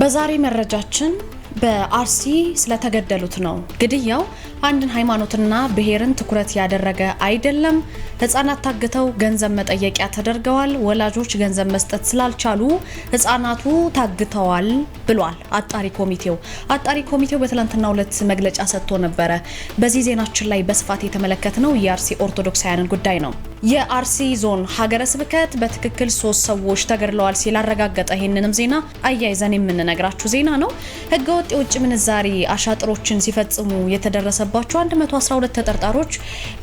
በዛሬ መረጃችን በአርሲ ስለተገደሉት ነው። ግድያው አንድን ሃይማኖትና ብሔርን ትኩረት ያደረገ አይደለም። ህጻናት ታግተው ገንዘብ መጠየቂያ ተደርገዋል። ወላጆች ገንዘብ መስጠት ስላልቻሉ ህጻናቱ ታግተዋል ብሏል አጣሪ ኮሚቴው። አጣሪ ኮሚቴው በትላንትና ሁለት መግለጫ ሰጥቶ ነበረ። በዚህ ዜናችን ላይ በስፋት የተመለከትነው የአርሲ ኦርቶዶክሳውያንን ጉዳይ ነው። የአርሲ ዞን ሀገረ ስብከት በትክክል ሶስት ሰዎች ተገድለዋል ሲል አረጋገጠ። ይህንንም ዜና አያይዘን የምንነግራችሁ ዜና ነው። ህገወጥ ህገወጥ የውጭ ምንዛሪ አሻጥሮችን ሲፈጽሙ የተደረሰባቸው 112 ተጠርጣሪዎች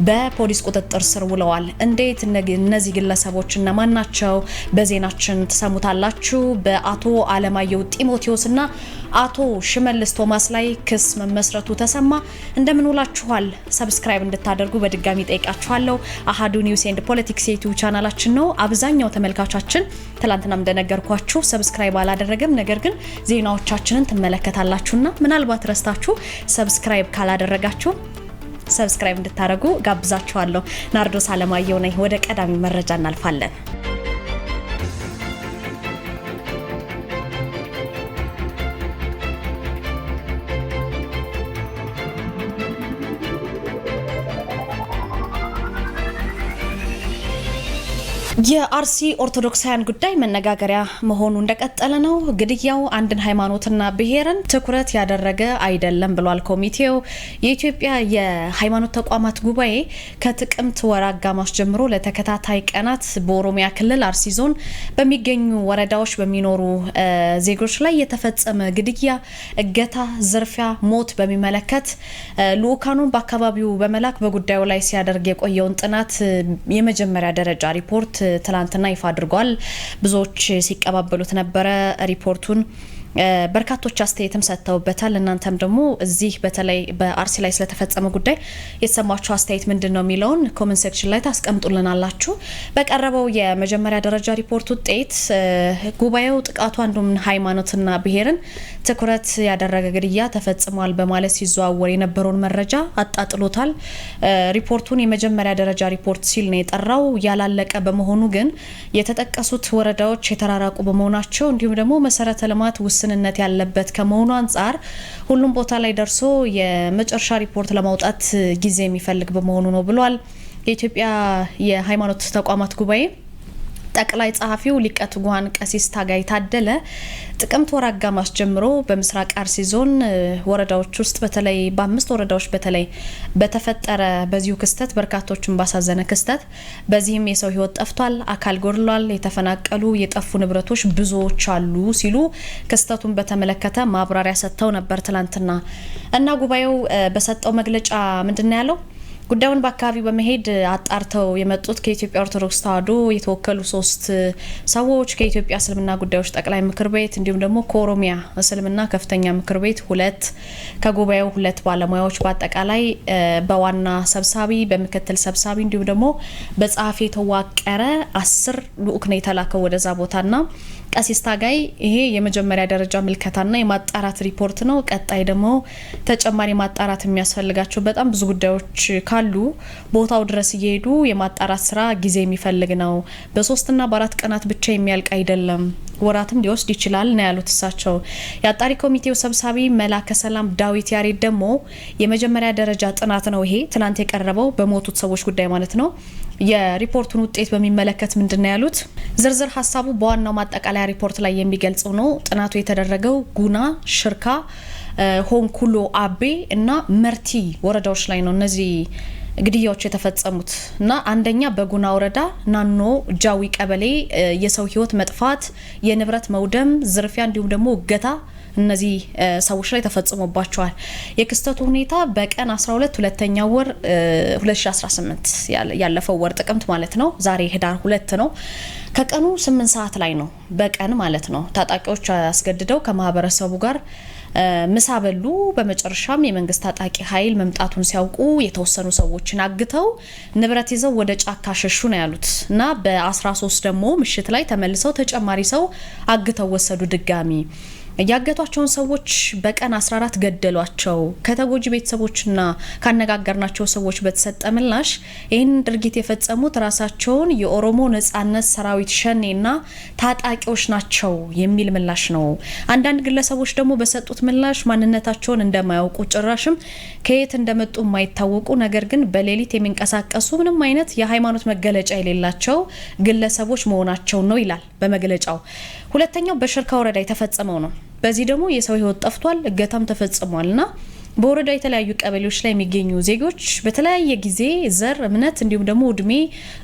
በፖሊስ ቁጥጥር ስር ውለዋል። እንዴት እነዚህ ግለሰቦች እነማን ናቸው? በዜናችን ትሰሙታላችሁ። በአቶ አለማየሁ ጢሞቴዎስ እና አቶ ሽመልስ ቶማስ ላይ ክስ መመስረቱ ተሰማ። እንደምንውላችኋል። ሰብስክራይብ እንድታደርጉ በድጋሚ ጠይቃችኋለሁ። አሀዱ ኒውስ ኤንድ ፖለቲክስ የዩቲዩብ ቻናላችን ነው። አብዛኛው ተመልካቻችን ትላንትናም እንደነገርኳችሁ ሰብስክራይብ አላደረገም፣ ነገር ግን ዜናዎቻችንን ትመለከታላችሁ ትችላላችሁና ምናልባት ረስታችሁ ሰብስክራይብ ካላደረጋችሁ ሰብስክራይብ እንድታደርጉ ጋብዛችኋለሁ። ናርዶስ አለማየሁ ነኝ። ወደ ቀዳሚ መረጃ እናልፋለን። የአርሲ ኦርቶዶክሳውያን ጉዳይ መነጋገሪያ መሆኑ እንደቀጠለ ነው። ግድያው አንድን ሃይማኖትና ብሔርን ትኩረት ያደረገ አይደለም ብሏል ኮሚቴው። የኢትዮጵያ የሃይማኖት ተቋማት ጉባኤ ከጥቅምት ወር አጋማሽ ጀምሮ ለተከታታይ ቀናት በኦሮሚያ ክልል አርሲ ዞን በሚገኙ ወረዳዎች በሚኖሩ ዜጎች ላይ የተፈጸመ ግድያ፣ እገታ፣ ዝርፊያ፣ ሞት በሚመለከት ልኡካኑን በአካባቢው በመላክ በጉዳዩ ላይ ሲያደርግ የቆየውን ጥናት የመጀመሪያ ደረጃ ሪፖርት ትላንትና ይፋ አድርጓል። ብዙዎች ሲቀባበሉት ነበረ ሪፖርቱን። በርካቶች አስተያየትም ሰጥተውበታል። እናንተም ደግሞ እዚህ በተለይ በአርሲ ላይ ስለተፈጸመ ጉዳይ የተሰማችሁ አስተያየት ምንድን ነው የሚለውን ኮመንት ሴክሽን ላይ ታስቀምጡልናላችሁ። በቀረበው የመጀመሪያ ደረጃ ሪፖርት ውጤት ጉባኤው ጥቃቱ አንዱም ሃይማኖትና ብሔርን ትኩረት ያደረገ ግድያ ተፈጽሟል በማለት ሲዘዋወር የነበረውን መረጃ አጣጥሎታል። ሪፖርቱን የመጀመሪያ ደረጃ ሪፖርት ሲል ነው የጠራው። ያላለቀ በመሆኑ ግን የተጠቀሱት ወረዳዎች የተራራቁ በመሆናቸው እንዲሁም ደግሞ መሰረተ ልማት ውስ ውስንነት ያለበት ከመሆኑ አንጻር ሁሉም ቦታ ላይ ደርሶ የመጨረሻ ሪፖርት ለማውጣት ጊዜ የሚፈልግ በመሆኑ ነው ብሏል። የኢትዮጵያ የሃይማኖት ተቋማት ጉባኤ ጠቅላይ ጸሐፊው ሊቀ ትጉሃን ቀሲስ ታጋይ ታደለ ጥቅምት ወር አጋማሽ ጀምሮ በምስራቅ አርሲ ዞን ወረዳዎች ውስጥ በተለይ በአምስት ወረዳዎች በተለይ በተፈጠረ በዚሁ ክስተት በርካቶችን ባሳዘነ ክስተት በዚህም የሰው ህይወት ጠፍቷል፣ አካል ጎድሏል፣ የተፈናቀሉ የጠፉ ንብረቶች ብዙዎች አሉ ሲሉ ክስተቱን በተመለከተ ማብራሪያ ሰጥተው ነበር ትላንትና እና ጉባኤው በሰጠው መግለጫ ምንድን ነው ያለው? ጉዳዩን በአካባቢው በመሄድ አጣርተው የመጡት ከኢትዮጵያ ኦርቶዶክስ ተዋሕዶ የተወከሉ ሶስት ሰዎች ከኢትዮጵያ እስልምና ጉዳዮች ጠቅላይ ምክር ቤት እንዲሁም ደግሞ ከኦሮሚያ እስልምና ከፍተኛ ምክር ቤት ሁለት ከጉባኤው ሁለት ባለሙያዎች በአጠቃላይ በዋና ሰብሳቢ፣ በምክትል ሰብሳቢ እንዲሁም ደግሞ በጸሐፊ የተዋቀረ አስር ልኡክ ነው የተላከው ወደዛ ቦታና ቀሲስ ታጋይ ይሄ የመጀመሪያ ደረጃ ምልከታና የማጣራት ሪፖርት ነው። ቀጣይ ደግሞ ተጨማሪ ማጣራት የሚያስፈልጋቸው በጣም ብዙ ጉዳዮች ካሉ ቦታው ድረስ እየሄዱ የማጣራት ስራ ጊዜ የሚፈልግ ነው። በሶስትና በአራት ቀናት ብቻ የሚያልቅ አይደለም፣ ወራትም ሊወስድ ይችላል ነው ያሉት እሳቸው። የአጣሪ ኮሚቴው ሰብሳቢ መላከ ሰላም ዳዊት ያሬድ ደግሞ የመጀመሪያ ደረጃ ጥናት ነው ይሄ ትናንት የቀረበው በሞቱት ሰዎች ጉዳይ ማለት ነው የሪፖርቱን ውጤት በሚመለከት ምንድን ነው ያሉት? ዝርዝር ሀሳቡ በዋናው ማጠቃለያ ሪፖርት ላይ የሚገልጸው ነው። ጥናቱ የተደረገው ጉና፣ ሽርካ፣ ሆንኩሎ አቤ እና መርቲ ወረዳዎች ላይ ነው እነዚህ ግድያዎች የተፈጸሙት እና አንደኛ በጉና ወረዳ ናኖ ጃዊ ቀበሌ የሰው ህይወት መጥፋት፣ የንብረት መውደም፣ ዝርፊያ እንዲሁም ደግሞ እገታ እነዚህ ሰዎች ላይ ተፈጽሞባቸዋል። የክስተቱ ሁኔታ በቀን 12 ሁለተኛ ወር 2018 ያለፈው ወር ጥቅምት ማለት ነው። ዛሬ ህዳር ሁለት ነው። ከቀኑ 8 ሰዓት ላይ ነው በቀን ማለት ነው። ታጣቂዎች አስገድደው ከማህበረሰቡ ጋር ምሳ በሉ። በመጨረሻም የመንግስት ታጣቂ ኃይል መምጣቱን ሲያውቁ የተወሰኑ ሰዎችን አግተው ንብረት ይዘው ወደ ጫካ ሸሹ ነው ያሉት እና በ13 ደግሞ ምሽት ላይ ተመልሰው ተጨማሪ ሰው አግተው ወሰዱ ድጋሚ ያገቷቸውን ሰዎች በቀን 14 ገደሏቸው። ከተጎጂ ቤተሰቦችና ካነጋገርናቸው ሰዎች በተሰጠ ምላሽ ይህንን ድርጊት የፈጸሙት ራሳቸውን የኦሮሞ ነጻነት ሰራዊት ሸኔና ታጣቂዎች ናቸው የሚል ምላሽ ነው። አንዳንድ ግለሰቦች ደግሞ በሰጡት ምላሽ ማንነታቸውን እንደማያውቁ ጭራሽም ከየት እንደመጡ የማይታወቁ ነገር ግን በሌሊት የሚንቀሳቀሱ ምንም አይነት የሃይማኖት መገለጫ የሌላቸው ግለሰቦች መሆናቸው ነው ይላል በመግለጫው። ሁለተኛው በሽርካ ወረዳ የተፈጸመው ነው። በዚህ ደግሞ የሰው ህይወት ጠፍቷል፣ እገታም ተፈጽሟል ና በወረዳ የተለያዩ ቀበሌዎች ላይ የሚገኙ ዜጎች በተለያየ ጊዜ ዘር፣ እምነት እንዲሁም ደግሞ እድሜ፣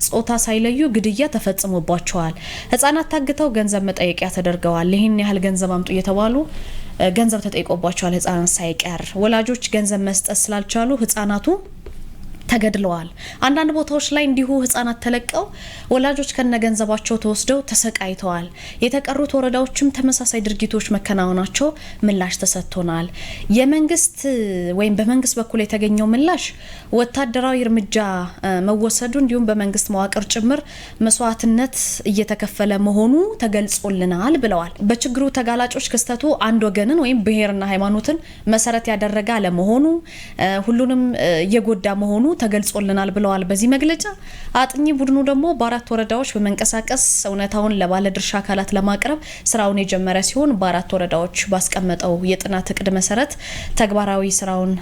ጾታ ሳይለዩ ግድያ ተፈጽሞባቸዋል። ህጻናት ታግተው ገንዘብ መጠየቂያ ተደርገዋል። ይህን ያህል ገንዘብ አምጡ እየተባሉ ገንዘብ ተጠይቆባቸዋል። ህጻናት ሳይቀር ወላጆች ገንዘብ መስጠት ስላልቻሉ ህጻናቱ ተገድለዋል። አንዳንድ ቦታዎች ላይ እንዲሁ ህጻናት ተለቀው ወላጆች ከነገንዘባቸው ተወስደው ተሰቃይተዋል። የተቀሩት ወረዳዎችም ተመሳሳይ ድርጊቶች መከናወናቸው ምላሽ ተሰጥቶናል። የመንግስት ወይም በመንግስት በኩል የተገኘው ምላሽ ወታደራዊ እርምጃ መወሰዱ እንዲሁም በመንግስት መዋቅር ጭምር መስዋዕትነት እየተከፈለ መሆኑ ተገልጾልናል ብለዋል። በችግሩ ተጋላጮች ክስተቱ አንድ ወገንን ወይም ብሔርና ሃይማኖትን መሰረት ያደረገ አለመሆኑ ሁሉንም የጎዳ መሆኑ ተገልጾልናል ብለዋል። በዚህ መግለጫ አጥኚ ቡድኑ ደግሞ በአራት ወረዳዎች በመንቀሳቀስ እውነታውን ለባለድርሻ አካላት ለማቅረብ ስራውን የጀመረ ሲሆን በአራት ወረዳዎች ባስቀመጠው የጥናት እቅድ መሰረት ተግባራዊ ስራውን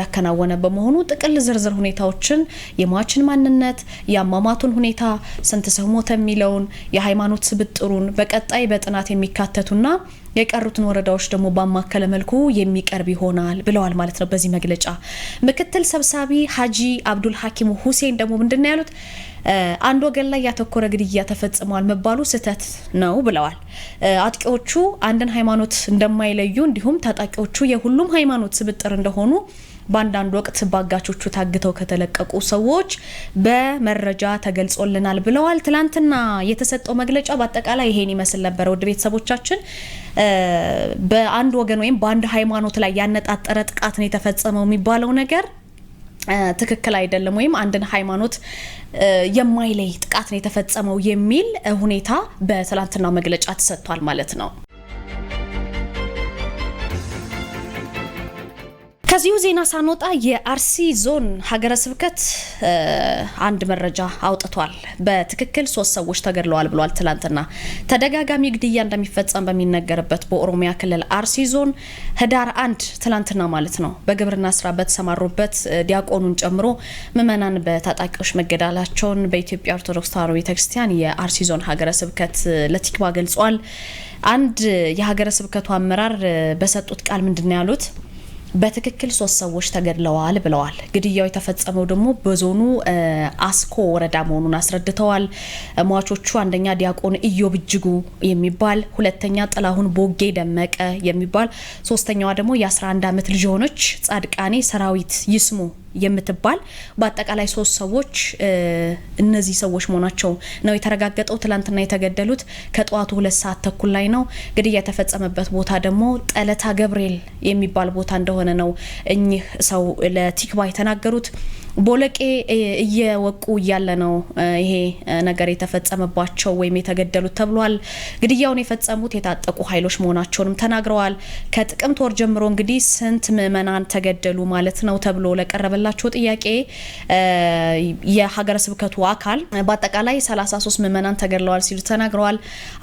ያከናወነ በመሆኑ ጥቅል ዝርዝር ሁኔታዎችን የሟችን ማንነት፣ የአሟሟቱን ሁኔታ፣ ስንት ሰው ሞተ የሚለውን፣ የሃይማኖት ስብጥሩን በቀጣይ በጥናት የሚካተቱና የቀሩትን ወረዳዎች ደግሞ ባማከለ መልኩ የሚቀርብ ይሆናል ብለዋል ማለት ነው። በዚህ መግለጫ ምክትል ሰብሳቢ ሀጂ አብዱል ሀኪም ሁሴን ደግሞ ምንድነው ያሉት? አንድ ወገን ላይ ያተኮረ ግድያ ተፈጽሟል መባሉ ስህተት ነው ብለዋል። አጥቂዎቹ አንድን ሃይማኖት እንደማይለዩ እንዲሁም ታጣቂዎቹ የሁሉም ሃይማኖት ስብጥር እንደሆኑ በአንዳንድ ወቅት በአጋቾቹ ታግተው ከተለቀቁ ሰዎች በመረጃ ተገልጾልናል ብለዋል። ትላንትና የተሰጠው መግለጫ በአጠቃላይ ይሄን ይመስል ነበረ። ውድ ቤተሰቦቻችን በአንድ ወገን ወይም በአንድ ሃይማኖት ላይ ያነጣጠረ ጥቃት ነው የተፈጸመው የሚባለው ነገር ትክክል አይደለም ወይም አንድን ሃይማኖት የማይለይ ጥቃት ነው የተፈጸመው የሚል ሁኔታ በትላንትናው መግለጫ ተሰጥቷል ማለት ነው። ከዚሁ ዜና ሳንወጣ የአርሲ ዞን ሀገረ ስብከት አንድ መረጃ አውጥቷል። በትክክል ሶስት ሰዎች ተገድለዋል ብሏል። ትላንትና ተደጋጋሚ ግድያ እንደሚፈጸም በሚነገርበት በኦሮሚያ ክልል አርሲ ዞን ህዳር አንድ ትላንትና ማለት ነው በግብርና ስራ በተሰማሩበት ዲያቆኑን ጨምሮ ምዕመናን በታጣቂዎች መገዳላቸውን በኢትዮጵያ ኦርቶዶክስ ተዋሕዶ ቤተክርስቲያን የአርሲ ዞን ሀገረ ስብከት ለቲክባ ገልጿል። አንድ የሀገረ ስብከቱ አመራር በሰጡት ቃል ምንድን ነው ያሉት? በትክክል ሶስት ሰዎች ተገድለዋል ብለዋል። ግድያው የተፈጸመው ደግሞ በዞኑ አስኮ ወረዳ መሆኑን አስረድተዋል። ሟቾቹ አንደኛ ዲያቆን ኢዮብ እጅጉ የሚባል ሁለተኛ ጥላሁን ቦጌ ደመቀ የሚባል ሶስተኛዋ ደግሞ የ11 ዓመት ልጅ የሆነች ጻድቃኔ ሰራዊት ይስሙ የምትባል በአጠቃላይ ሶስት ሰዎች እነዚህ ሰዎች መሆናቸው ነው የተረጋገጠው። ትላንትና የተገደሉት ከጠዋቱ ሁለት ሰዓት ተኩል ላይ ነው። ግድያ የተፈጸመበት ቦታ ደግሞ ጠለታ ገብርኤል የሚባል ቦታ እንደሆነ ነው እኚህ ሰው ለቲክባ የተናገሩት። ቦለቄ እየወቁ እያለ ነው ይሄ ነገር የተፈጸመባቸው ወይም የተገደሉት ተብሏል። ግድያውን የፈጸሙት የታጠቁ ኃይሎች መሆናቸውንም ተናግረዋል። ከጥቅምት ወር ጀምሮ እንግዲህ ስንት ምዕመናን ተገደሉ ማለት ነው ተብሎ ለቀረበላቸው ጥያቄ የሀገረ ስብከቱ አካል በአጠቃላይ 33 ምዕመናን ተገድለዋል ሲሉ ተናግረዋል።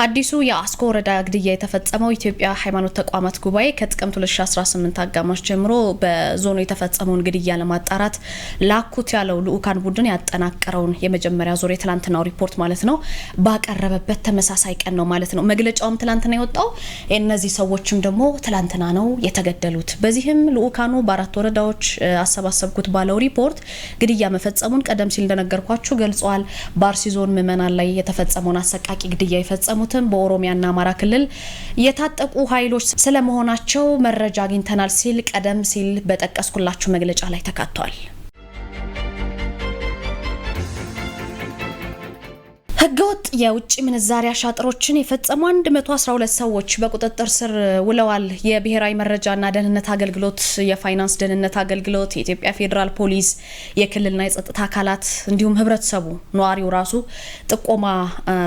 አዲሱ የአስኮ ወረዳ ግድያ የተፈጸመው ኢትዮጵያ ሃይማኖት ተቋማት ጉባኤ ከጥቅምት 2018 አጋማሽ ጀምሮ በዞኑ የተፈጸመውን ግድያ ለማጣራት ላኩት ያለው ልዑካን ቡድን ያጠናቀረውን የመጀመሪያ ዙር የትላንትናው ሪፖርት ማለት ነው ባቀረበበት ተመሳሳይ ቀን ነው ማለት ነው። መግለጫውም ትላንትና የወጣው እነዚህ ሰዎችም ደግሞ ትላንትና ነው የተገደሉት። በዚህም ልዑካኑ በአራት ወረዳዎች አሰባሰብኩት ባለው ሪፖርት ግድያ መፈጸሙን ቀደም ሲል እንደነገርኳችሁ ገልጿል። በአርሲ ዞን ምዕመናን ላይ የተፈጸመውን አሰቃቂ ግድያ የፈጸሙትም በኦሮሚያና አማራ ክልል የታጠቁ ኃይሎች ስለመሆናቸው መረጃ አግኝተናል ሲል ቀደም ሲል በጠቀስኩላችሁ መግለጫ ላይ ተካቷል። ህገወጥ የውጭ ምንዛሪ አሻጥሮችን የፈጸሙ 112 ሰዎች በቁጥጥር ስር ውለዋል። የብሔራዊ መረጃና ደህንነት አገልግሎት፣ የፋይናንስ ደህንነት አገልግሎት፣ የኢትዮጵያ ፌዴራል ፖሊስ፣ የክልልና የጸጥታ አካላት እንዲሁም ህብረተሰቡ ነዋሪው ራሱ ጥቆማ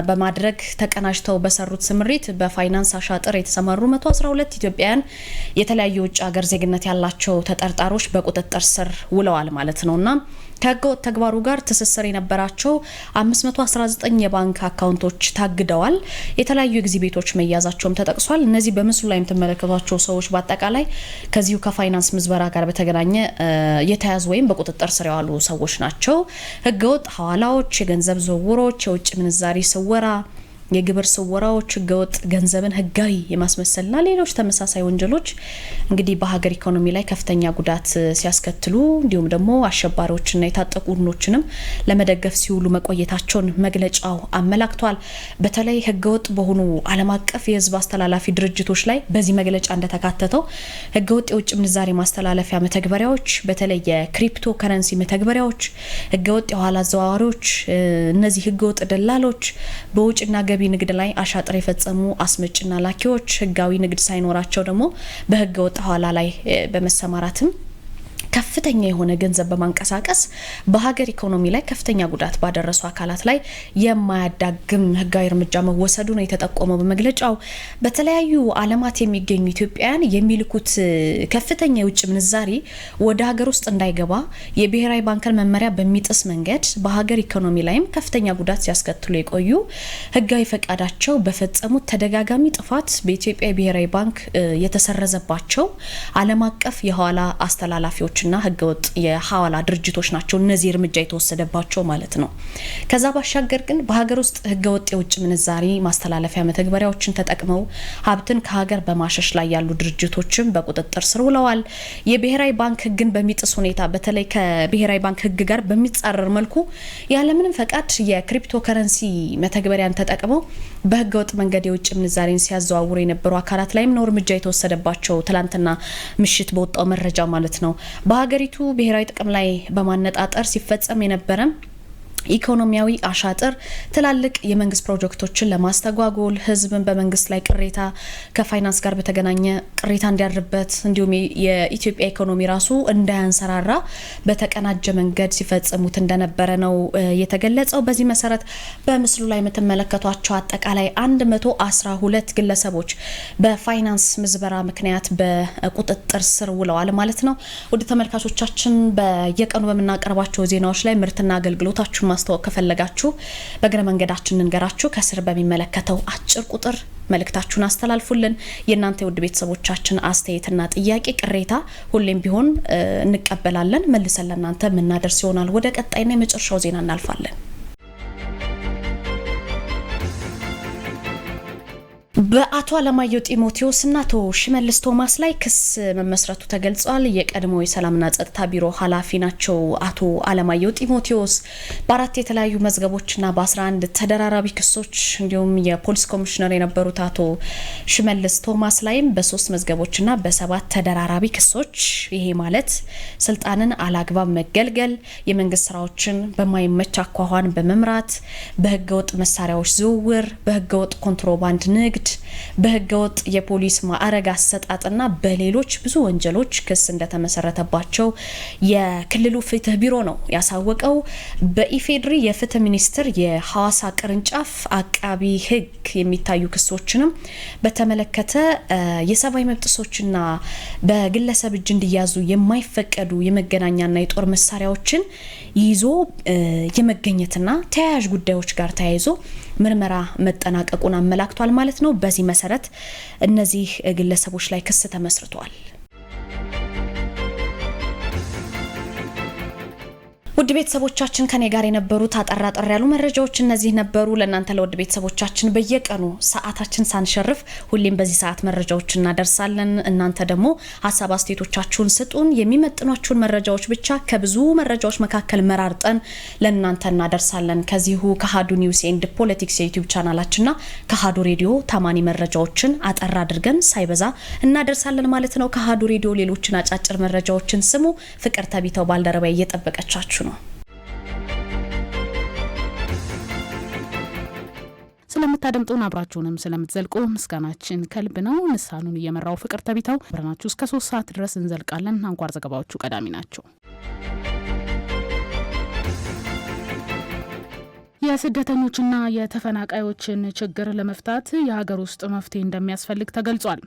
በማድረግ ተቀናጅተው በሰሩት ስምሪት በፋይናንስ አሻጥር የተሰማሩ 112 ኢትዮጵያውያን የተለያዩ የውጭ ሀገር ዜግነት ያላቸው ተጠርጣሪዎች በቁጥጥር ስር ውለዋል ማለት ነው እና ከህገወጥ ተግባሩ ጋር ትስስር የነበራቸው 519 የባንክ አካውንቶች ታግደዋል። የተለያዩ የጊዜ ቤቶች መያዛቸውም ተጠቅሷል። እነዚህ በምስሉ ላይ የምትመለከቷቸው ሰዎች በአጠቃላይ ከዚሁ ከፋይናንስ ምዝበራ ጋር በተገናኘ የተያዙ ወይም በቁጥጥር ስር የዋሉ ሰዎች ናቸው። ህገወጥ ሀዋላዎች የገንዘብ ዝውውሮች፣ የውጭ ምንዛሪ ስወራ የግብር ስወራዎች፣ ህገወጥ ገንዘብን ህጋዊ የማስመሰልና ሌሎች ተመሳሳይ ወንጀሎች እንግዲህ በሀገር ኢኮኖሚ ላይ ከፍተኛ ጉዳት ሲያስከትሉ እንዲሁም ደግሞ አሸባሪዎችና የታጠቁ ቡድኖችንም ለመደገፍ ሲውሉ መቆየታቸውን መግለጫው አመላክቷል። በተለይ ህገወጥ በሆኑ ዓለም አቀፍ የህዝብ አስተላላፊ ድርጅቶች ላይ በዚህ መግለጫ እንደተካተተው ህገወጥ የውጭ ምንዛሬ ማስተላለፊያ መተግበሪያዎች፣ በተለይ የክሪፕቶ ከረንሲ መተግበሪያዎች፣ ህገወጥ የኋላ አዘዋዋሪዎች፣ እነዚህ ህገወጥ ደላሎች በውጭና ገቢ ንግድ ላይ አሻጥር የፈጸሙ አስመጭና ላኪዎች ህጋዊ ንግድ ሳይኖራቸው ደግሞ በህገ ወጥ ኋላ ላይ በመሰማራትም ከፍተኛ የሆነ ገንዘብ በማንቀሳቀስ በሀገር ኢኮኖሚ ላይ ከፍተኛ ጉዳት ባደረሱ አካላት ላይ የማያዳግም ህጋዊ እርምጃ መወሰዱ ነው የተጠቆመው በመግለጫው። በተለያዩ ዓለማት የሚገኙ ኢትዮጵያውያን የሚልኩት ከፍተኛ የውጭ ምንዛሪ ወደ ሀገር ውስጥ እንዳይገባ የብሔራዊ ባንክን መመሪያ በሚጥስ መንገድ በሀገር ኢኮኖሚ ላይም ከፍተኛ ጉዳት ሲያስከትሉ የቆዩ ህጋዊ ፈቃዳቸው በፈጸሙት ተደጋጋሚ ጥፋት በኢትዮጵያ ብሔራዊ ባንክ የተሰረዘባቸው ዓለም አቀፍ የኋላ አስተላላፊዎች ና ህገወጥ የሀዋላ ድርጅቶች ናቸው እነዚህ እርምጃ የተወሰደባቸው ማለት ነው። ከዛ ባሻገር ግን በሀገር ውስጥ ህገወጥ የውጭ ምንዛሪ ማስተላለፊያ መተግበሪያዎችን ተጠቅመው ሀብትን ከሀገር በማሸሽ ላይ ያሉ ድርጅቶችም በቁጥጥር ስር ውለዋል። የብሔራዊ ባንክ ህግን በሚጥስ ሁኔታ በተለይ ከብሔራዊ ባንክ ህግ ጋር በሚጻረር መልኩ ያለምንም ፈቃድ የክሪፕቶ ከረንሲ መተግበሪያን ተጠቅመው በህገወጥ መንገድ የውጭ ምንዛሬን ሲያዘዋውሩ የነበሩ አካላት ላይም ነው እርምጃ የተወሰደባቸው ትላንትና ምሽት በወጣው መረጃ ማለት ነው። በሀገሪቱ ብሔራዊ ጥቅም ላይ በማነጣጠር ሲፈጸም የነበረም ኢኮኖሚያዊ አሻጥር ትላልቅ የመንግስት ፕሮጀክቶችን ለማስተጓጎል ህዝብን በመንግስት ላይ ቅሬታ ከፋይናንስ ጋር በተገናኘ ቅሬታ እንዲያድርበት እንዲሁም የኢትዮጵያ ኢኮኖሚ ራሱ እንዳያንሰራራ በተቀናጀ መንገድ ሲፈጽሙት እንደነበረ ነው የተገለጸው። በዚህ መሰረት በምስሉ ላይ የምትመለከቷቸው አጠቃላይ 112 ግለሰቦች በፋይናንስ ምዝበራ ምክንያት በቁጥጥር ስር ውለዋል ማለት ነው። ወደ ተመልካቾቻችን በየቀኑ በምናቀርባቸው ዜናዎች ላይ ምርትና አገልግሎታችሁ ማስተዋወቅ ከፈለጋችሁ በእግረ መንገዳችን እንገራችሁ ከስር በሚመለከተው አጭር ቁጥር መልእክታችሁን አስተላልፉልን። የእናንተ የውድ ቤተሰቦቻችን አስተያየትና ጥያቄ፣ ቅሬታ ሁሌም ቢሆን እንቀበላለን፣ መልሰን ለእናንተ የምናደርስ ይሆናል። ወደ ቀጣይና የመጨረሻው ዜና እናልፋለን። በአቶ አለማየሁ ጢሞቴዎስ እና አቶ ሽመልስ ቶማስ ላይ ክስ መመስረቱ ተገልጿል። የቀድሞ የሰላምና ጸጥታ ቢሮ ኃላፊ ናቸው አቶ አለማየሁ ጢሞቴዎስ በአራት የተለያዩ መዝገቦችና በ11 ተደራራቢ ክሶች እንዲሁም የፖሊስ ኮሚሽነር የነበሩት አቶ ሽመልስ ቶማስ ላይም በሶስት መዝገቦችና በሰባት ተደራራቢ ክሶች ይሄ ማለት ስልጣንን አላግባብ መገልገል፣ የመንግስት ስራዎችን በማይመች አኳኋን በመምራት፣ በህገወጥ መሳሪያዎች ዝውውር፣ በህገወጥ ኮንትሮባንድ ንግድ በህገወጥ የፖሊስ ማዕረግ አሰጣጥና በሌሎች ብዙ ወንጀሎች ክስ እንደተመሰረተባቸው የክልሉ ፍትህ ቢሮ ነው ያሳወቀው። በኢፌዴሪ የፍትህ ሚኒስቴር የሐዋሳ ቅርንጫፍ አቃቢ ህግ የሚታዩ ክሶችንም በተመለከተ የሰብአዊ መብት ጥሰቶችና በግለሰብ እጅ እንዲያዙ የማይፈቀዱ የመገናኛና የጦር መሳሪያዎችን ይዞ የመገኘትና ተያያዥ ጉዳዮች ጋር ተያይዞ ምርመራ መጠናቀቁን አመላክቷል ማለት ነው። በዚህ መሰረት እነዚህ ግለሰቦች ላይ ክስ ተመስርቷል። ውድ ቤተሰቦቻችን ከኔ ጋር የነበሩት አጠራጠር ያሉ መረጃዎች እነዚህ ነበሩ። ለእናንተ ለውድ ቤተሰቦቻችን በየቀኑ ሰዓታችን ሳንሸርፍ ሁሌም በዚህ ሰዓት መረጃዎች እናደርሳለን። እናንተ ደግሞ ሀሳብ አስተያየቶቻችሁን ስጡን። የሚመጥኗችሁን መረጃዎች ብቻ ከብዙ መረጃዎች መካከል መራርጠን ለእናንተ እናደርሳለን። ከዚሁ ከሀዱ ኒውስ ኤንድ ፖለቲክስ የዩቲዩብ ቻናላችንና ከሀዱ ሬዲዮ ታማኒ መረጃዎችን አጠር አድርገን ሳይበዛ እናደርሳለን ማለት ነው። ከሀዱ ሬዲዮ ሌሎችን አጫጭር መረጃዎችን ስሙ። ፍቅር ተቢተው ባልደረባ እየጠበቀቻችሁ ነው። ስለምታደምጡን አብራችሁንም ስለምትዘልቁ ምስጋናችን ከልብ ነው። ንሳኑን እየመራው ፍቅር ተቢተው ብረናችሁ እስከ ሶስት ሰዓት ድረስ እንዘልቃለን። አንኳር ዘገባዎቹ ቀዳሚ ናቸው። የስደተኞችና የተፈናቃዮችን ችግር ለመፍታት የሀገር ውስጥ መፍትሄ እንደሚያስፈልግ ተገልጿል።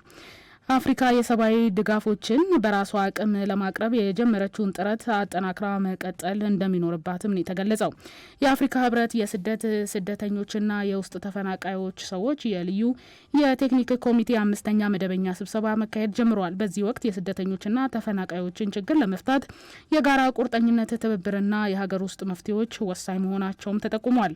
አፍሪካ የሰብአዊ ድጋፎችን በራሷ አቅም ለማቅረብ የጀመረችውን ጥረት አጠናክራ መቀጠል እንደሚኖርባትም ነው የተገለጸው። የአፍሪካ ህብረት የስደት ስደተኞችና የውስጥ ተፈናቃዮች ሰዎች የልዩ የቴክኒክ ኮሚቴ አምስተኛ መደበኛ ስብሰባ መካሄድ ጀምረዋል። በዚህ ወቅት የስደተኞችና ተፈናቃዮችን ችግር ለመፍታት የጋራ ቁርጠኝነት፣ ትብብርና የሀገር ውስጥ መፍትሄዎች ወሳኝ መሆናቸውም ተጠቁሟል።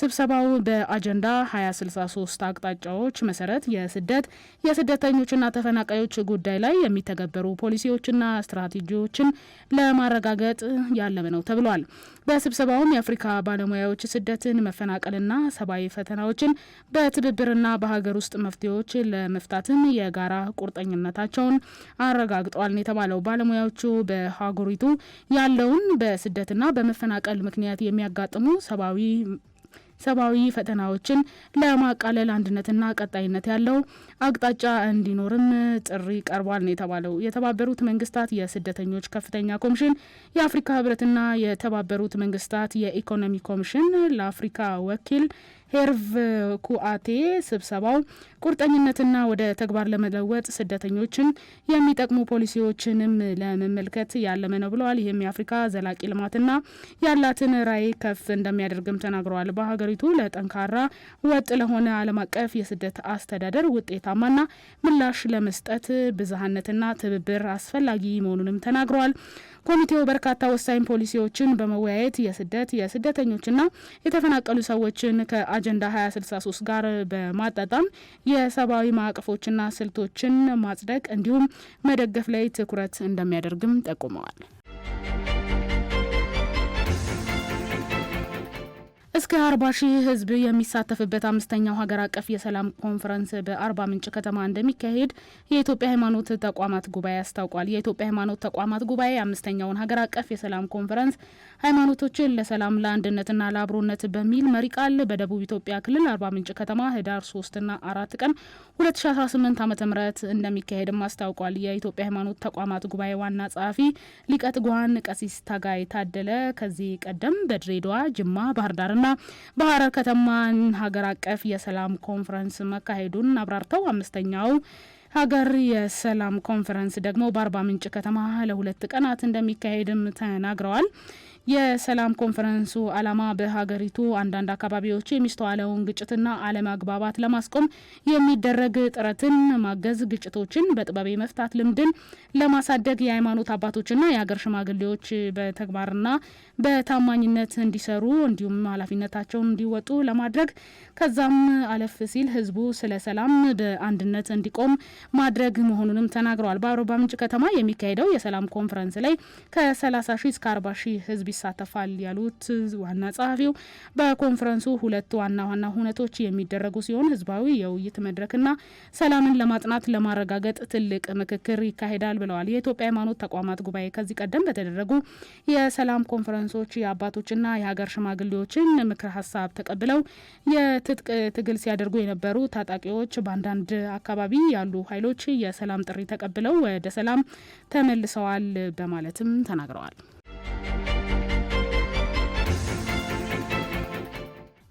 ስብሰባው በአጀንዳ 2063 አቅጣጫዎች መሰረት የስደት የስደተኞችና ተፈናቃዮች ጉዳይ ላይ የሚተገበሩ ፖሊሲዎችና ስትራቴጂዎችን ለማረጋገጥ ያለመ ነው ተብሏል። በስብሰባውም የአፍሪካ ባለሙያዎች ስደትን፣ መፈናቀልና ሰብአዊ ፈተናዎችን በትብብርና በሀገር ውስጥ መፍትሄዎች ለመፍታትም የጋራ ቁርጠኝነታቸውን አረጋግጠዋል የተባለው ባለሙያዎቹ በሀገሪቱ ያለውን በስደትና በመፈናቀል ምክንያት የሚያጋጥሙ ሰብአዊ ሰብአዊ ፈተናዎችን ለማቃለል አንድነትና ቀጣይነት ያለው አቅጣጫ እንዲኖርም ጥሪ ቀርቧል ነው የተባለው። የተባበሩት መንግስታት የስደተኞች ከፍተኛ ኮሚሽን፣ የአፍሪካ ህብረትና የተባበሩት መንግስታት የኢኮኖሚ ኮሚሽን ለአፍሪካ ወኪል ሄርቭ ኩአቴ ስብሰባው ቁርጠኝነትና ወደ ተግባር ለመለወጥ ስደተኞችን የሚጠቅሙ ፖሊሲዎችንም ለመመልከት ያለመ ነው ብለዋል። ይህም የአፍሪካ ዘላቂ ልማትና ያላትን ራዕይ ከፍ እንደሚያደርግም ተናግረዋል። በሀገሪቱ ለጠንካራ ወጥ ለሆነ ዓለም አቀፍ የስደት አስተዳደር ውጤታማና ምላሽ ለመስጠት ብዝሃነትና ትብብር አስፈላጊ መሆኑንም ተናግረዋል። ኮሚቴው በርካታ ወሳኝ ፖሊሲዎችን በመወያየት የስደት የስደተኞችና የተፈናቀሉ ሰዎችን ከአጀንዳ 2063 ጋር በማጣጣም የሰብአዊ ማዕቀፎችና ስልቶችን ማጽደቅ እንዲሁም መደገፍ ላይ ትኩረት እንደሚያደርግም ጠቁመዋል። እስከ አርባ ሺህ ህዝብ የሚሳተፍበት አምስተኛው ሀገር አቀፍ የሰላም ኮንፈረንስ በአርባ ምንጭ ከተማ እንደሚካሄድ የኢትዮጵያ ሃይማኖት ተቋማት ጉባኤ አስታውቋል። የኢትዮጵያ ሃይማኖት ተቋማት ጉባኤ አምስተኛውን ሀገር አቀፍ የሰላም ኮንፈረንስ ሃይማኖቶችን ለሰላም ለአንድነትና ለአብሮነት በሚል መሪ ቃል በደቡብ ኢትዮጵያ ክልል አርባ ምንጭ ከተማ ህዳር ሶስትና አራት ቀን ሁለት ሺ አስራ ስምንት እንደሚካሄድም አስታውቋል። የኢትዮጵያ ሃይማኖት ተቋማት ጉባኤ ዋና ጸሐፊ ሊቀ ትጉሃን ቀሲስ ታጋይ ታደለ ከዚህ ቀደም በድሬዳዋ፣ ጅማ፣ ባህር ዳርና በሐረር ከተማን ሀገር አቀፍ የሰላም ኮንፈረንስ መካሄዱን አብራርተው አምስተኛው ሀገር የሰላም ኮንፈረንስ ደግሞ በአርባ ምንጭ ከተማ ለሁለት ቀናት እንደሚካሄድም ተናግረዋል። የሰላም ኮንፈረንሱ ዓላማ በሀገሪቱ አንዳንድ አካባቢዎች የሚስተዋለውን ግጭትና አለመግባባት ለማስቆም የሚደረግ ጥረትን ማገዝ፣ ግጭቶችን በጥበብ የመፍታት ልምድን ለማሳደግ የሃይማኖት አባቶችና የሀገር ሽማግሌዎች በተግባርና በታማኝነት እንዲሰሩ እንዲሁም ኃላፊነታቸውን እንዲወጡ ለማድረግ ከዛም አለፍ ሲል ህዝቡ ስለ ሰላም በአንድነት እንዲቆም ማድረግ መሆኑንም ተናግረዋል። በአርባ ምንጭ ከተማ የሚካሄደው የሰላም ኮንፈረንስ ላይ ከ30 ሺህ እስከ 40 ሺህ ህዝብ ይሳተፋል ያሉት ዋና ጸሐፊው በኮንፈረንሱ ሁለት ዋና ዋና ሁነቶች የሚደረጉ ሲሆን ህዝባዊ የውይይት መድረክና ሰላምን ለማጥናት ለማረጋገጥ ትልቅ ምክክር ይካሄዳል ብለዋል። የኢትዮጵያ ሃይማኖት ተቋማት ጉባኤ ከዚህ ቀደም በተደረጉ የሰላም ኮንፈረንሶች የአባቶችና የሀገር ሽማግሌዎችን ምክር ሀሳብ ተቀብለው የትጥቅ ትግል ሲያደርጉ የነበሩ ታጣቂዎች በአንዳንድ አካባቢ ያሉ ኃይሎች የሰላም ጥሪ ተቀብለው ወደ ሰላም ተመልሰዋል በማለትም ተናግረዋል።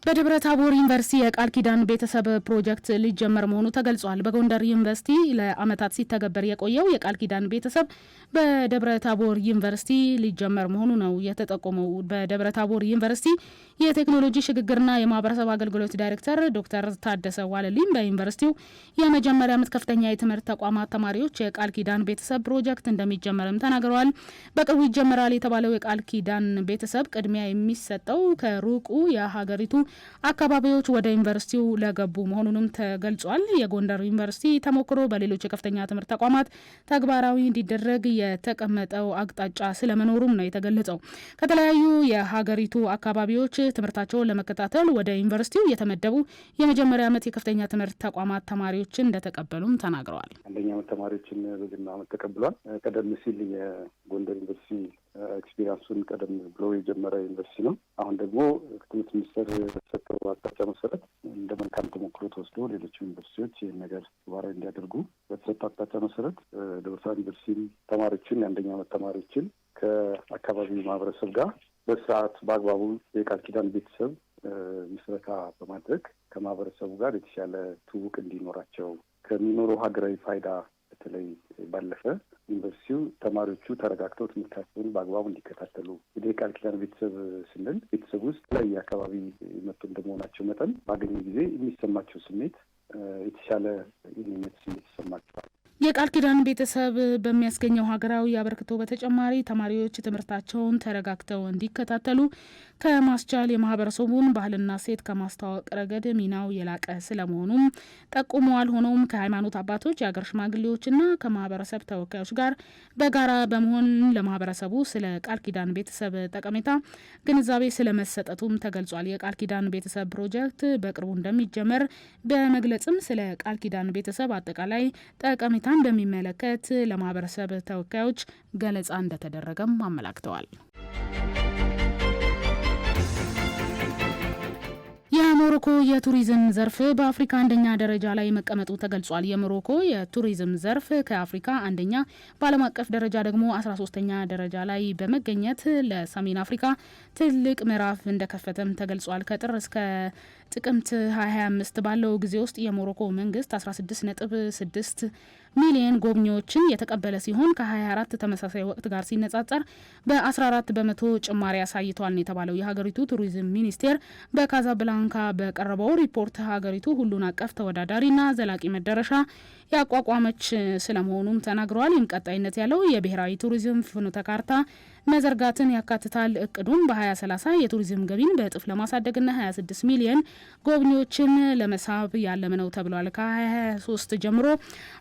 በደብረ ታቦር ዩኒቨርሲቲ የቃል ኪዳን ቤተሰብ ፕሮጀክት ሊጀመር መሆኑ ተገልጿል። በጎንደር ዩኒቨርሲቲ ለአመታት ሲተገበር የቆየው የቃል ኪዳን ቤተሰብ በደብረ ታቦር ዩኒቨርሲቲ ሊጀመር መሆኑ ነው የተጠቆመው። በደብረ ታቦር ዩኒቨርሲቲ የቴክኖሎጂ ሽግግርና የማህበረሰብ አገልግሎት ዳይሬክተር ዶክተር ታደሰ ዋለሊም በዩኒቨርሲቲው የመጀመሪያ ዓመት ከፍተኛ የትምህርት ተቋማት ተማሪዎች የቃል ኪዳን ቤተሰብ ፕሮጀክት እንደሚጀመርም ተናግረዋል። በቅርቡ ይጀመራል የተባለው የቃል ኪዳን ቤተሰብ ቅድሚያ የሚሰጠው ከሩቁ የሀገሪቱ አካባቢዎች ወደ ዩኒቨርሲቲው ለገቡ መሆኑንም ተገልጿል። የጎንደር ዩኒቨርሲቲ ተሞክሮ በሌሎች የከፍተኛ ትምህርት ተቋማት ተግባራዊ እንዲደረግ የተቀመጠው አቅጣጫ ስለመኖሩም ነው የተገለጸው። ከተለያዩ የሀገሪቱ አካባቢዎች ትምህርታቸውን ለመከታተል ወደ ዩኒቨርሲቲው የተመደቡ የመጀመሪያ ዓመት የከፍተኛ ትምህርት ተቋማት ተማሪዎችን እንደተቀበሉም ተናግረዋል። አንደኛ ዓመት ተማሪዎችን በጅምላ ተቀብሏል። ቀደም ሲል የጎንደር ዩኒቨርሲቲ ኤክስፒሪያንሱን ቀደም ብሎ የጀመረ ዩኒቨርሲቲ ነው። አሁን ደግሞ ትምህርት ሚኒስቴር በተሰጠው አቅጣጫ መሰረት እንደ መልካም ተሞክሮ ተወስዶ ሌሎች ዩኒቨርሲቲዎች ይህን ነገር ተግባራዊ እንዲያደርጉ በተሰጠው አቅጣጫ መሰረት ደብረሳ ዩኒቨርሲቲ ተማሪዎችን የአንደኛ ዓመት ተማሪዎችን ከአካባቢው ማህበረሰብ ጋር በስርዓት በአግባቡ የቃል ኪዳን ቤተሰብ ምስረታ በማድረግ ከማህበረሰቡ ጋር የተሻለ ትውውቅ እንዲኖራቸው ከሚኖረው ሀገራዊ ፋይዳ በተለይ ባለፈ ዩኒቨርሲቲው ተማሪዎቹ ተረጋግተው ትምህርታቸውን በአግባቡ እንዲከታተሉ እንግዲህ ቃል ኪዳን ቤተሰብ ስንል ቤተሰብ ውስጥ ተለያየ አካባቢ መጡ እንደመሆናቸው መጠን ባገኘ ጊዜ የሚሰማቸው ስሜት የተሻለ ግንኙነት ስሜት ይሰማቸዋል። የቃል ኪዳን ቤተሰብ በሚያስገኘው ሀገራዊ አበርክቶ በተጨማሪ ተማሪዎች ትምህርታቸውን ተረጋግተው እንዲከታተሉ ከማስቻል የማህበረሰቡን ባህልና ሴት ከማስተዋወቅ ረገድ ሚናው የላቀ ስለመሆኑም ጠቁመዋል። ሆኖም ከሃይማኖት አባቶች፣ የአገር ሽማግሌዎችና ከማህበረሰብ ተወካዮች ጋር በጋራ በመሆን ለማህበረሰቡ ስለ ቃል ኪዳን ቤተሰብ ጠቀሜታ ግንዛቤ ስለመሰጠቱም ተገልጿል። የቃል ኪዳን ቤተሰብ ፕሮጀክት በቅርቡ እንደሚጀመር በመግለጽም ስለ ቃል ኪዳን ቤተሰብ አጠቃላይ ጠቀሜታ እንደሚመለከት ለማህበረሰብ ተወካዮች ገለጻ እንደተደረገም አመላክተዋል። የሞሮኮ የቱሪዝም ዘርፍ በአፍሪካ አንደኛ ደረጃ ላይ መቀመጡ ተገልጿል። የሞሮኮ የቱሪዝም ዘርፍ ከአፍሪካ አንደኛ፣ በዓለም አቀፍ ደረጃ ደግሞ አስራ ሶስተኛ ደረጃ ላይ በመገኘት ለሰሜን አፍሪካ ትልቅ ምዕራፍ እንደከፈተም ተገልጿል። ከጥር እስከ ጥቅምት 2025 ባለው ጊዜ ውስጥ የሞሮኮ መንግስት 16.6 ሚሊዮን ጎብኚዎችን የተቀበለ ሲሆን ከ24 ተመሳሳይ ወቅት ጋር ሲነጻጸር በ14 በመቶ ጭማሪ አሳይቷል ነው የተባለው። የሀገሪቱ ቱሪዝም ሚኒስቴር በካዛብላንካ በቀረበው ሪፖርት ሀገሪቱ ሁሉን አቀፍ ተወዳዳሪና ዘላቂ መዳረሻ ያቋቋመች ስለመሆኑም ተናግረዋል። ይህም ቀጣይነት ያለው የብሔራዊ ቱሪዝም ፍኖተ ካርታ መዘርጋትን ያካትታል። እቅዱም በ2030 የቱሪዝም ገቢን በእጥፍ ለማሳደግና 26 ሚሊየን ጎብኚዎችን ለመሳብ ያለመ ነው ተብሏል። ከ2023 ጀምሮ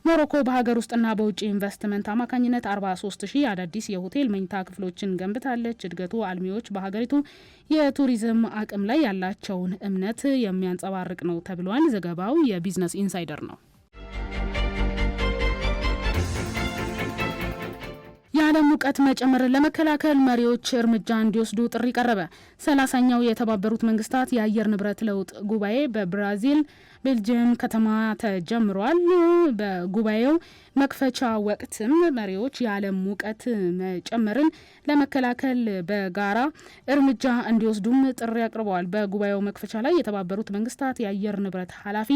ሞሮኮ በሀገር ውስጥና በውጭ ኢንቨስትመንት አማካኝነት 43 ሺህ አዳዲስ የሆቴል መኝታ ክፍሎችን ገንብታለች። እድገቱ አልሚዎች በሀገሪቱ የቱሪዝም አቅም ላይ ያላቸውን እምነት የሚያንጸባርቅ ነው ተብሏል። ዘገባው የቢዝነስ ኢንሳይደር ነው። የዓለም ሙቀት መጨመር ለመከላከል መሪዎች እርምጃ እንዲወስዱ ጥሪ ቀረበ። ሰላሳኛው የተባበሩት መንግስታት የአየር ንብረት ለውጥ ጉባኤ በብራዚል ቤልጅየም ከተማ ተጀምሯል። በጉባኤው መክፈቻ ወቅትም መሪዎች የዓለም ሙቀት መጨመርን ለመከላከል በጋራ እርምጃ እንዲወስዱም ጥሪ አቅርበዋል። በጉባኤው መክፈቻ ላይ የተባበሩት መንግስታት የአየር ንብረት ኃላፊ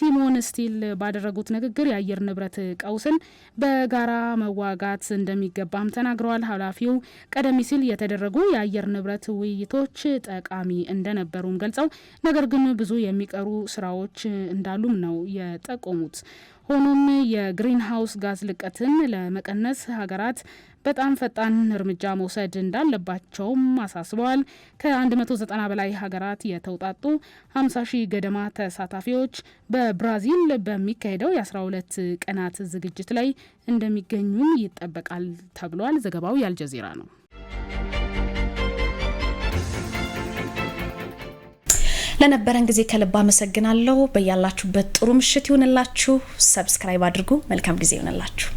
ሲሞን ስቲል ባደረጉት ንግግር የአየር ንብረት ቀውስን በጋራ መዋጋት እንደሚገባም ተናግረዋል። ኃላፊው ቀደም ሲል የተደረጉ የአየር ንብረት ውይይቶች ጠቃሚ እንደነበሩም ገልጸው ነገር ግን ብዙ የሚቀሩ ስራዎች እንዳሉም ነው የጠቆሙት። ሆኖም የግሪን ሀውስ ጋዝ ልቀትን ለመቀነስ ሀገራት በጣም ፈጣን እርምጃ መውሰድ እንዳለባቸውም አሳስበዋል። ከ190 በላይ ሀገራት የተውጣጡ 50 ሺህ ገደማ ተሳታፊዎች በብራዚል በሚካሄደው የ12 ቀናት ዝግጅት ላይ እንደሚገኙም ይጠበቃል ተብሏል። ዘገባው የአልጀዚራ ነው። ለነበረን ጊዜ ከልብ አመሰግናለሁ። በያላችሁበት ጥሩ ምሽት ይሆንላችሁ። ሰብስክራይብ አድርጉ። መልካም ጊዜ ይሆንላችሁ።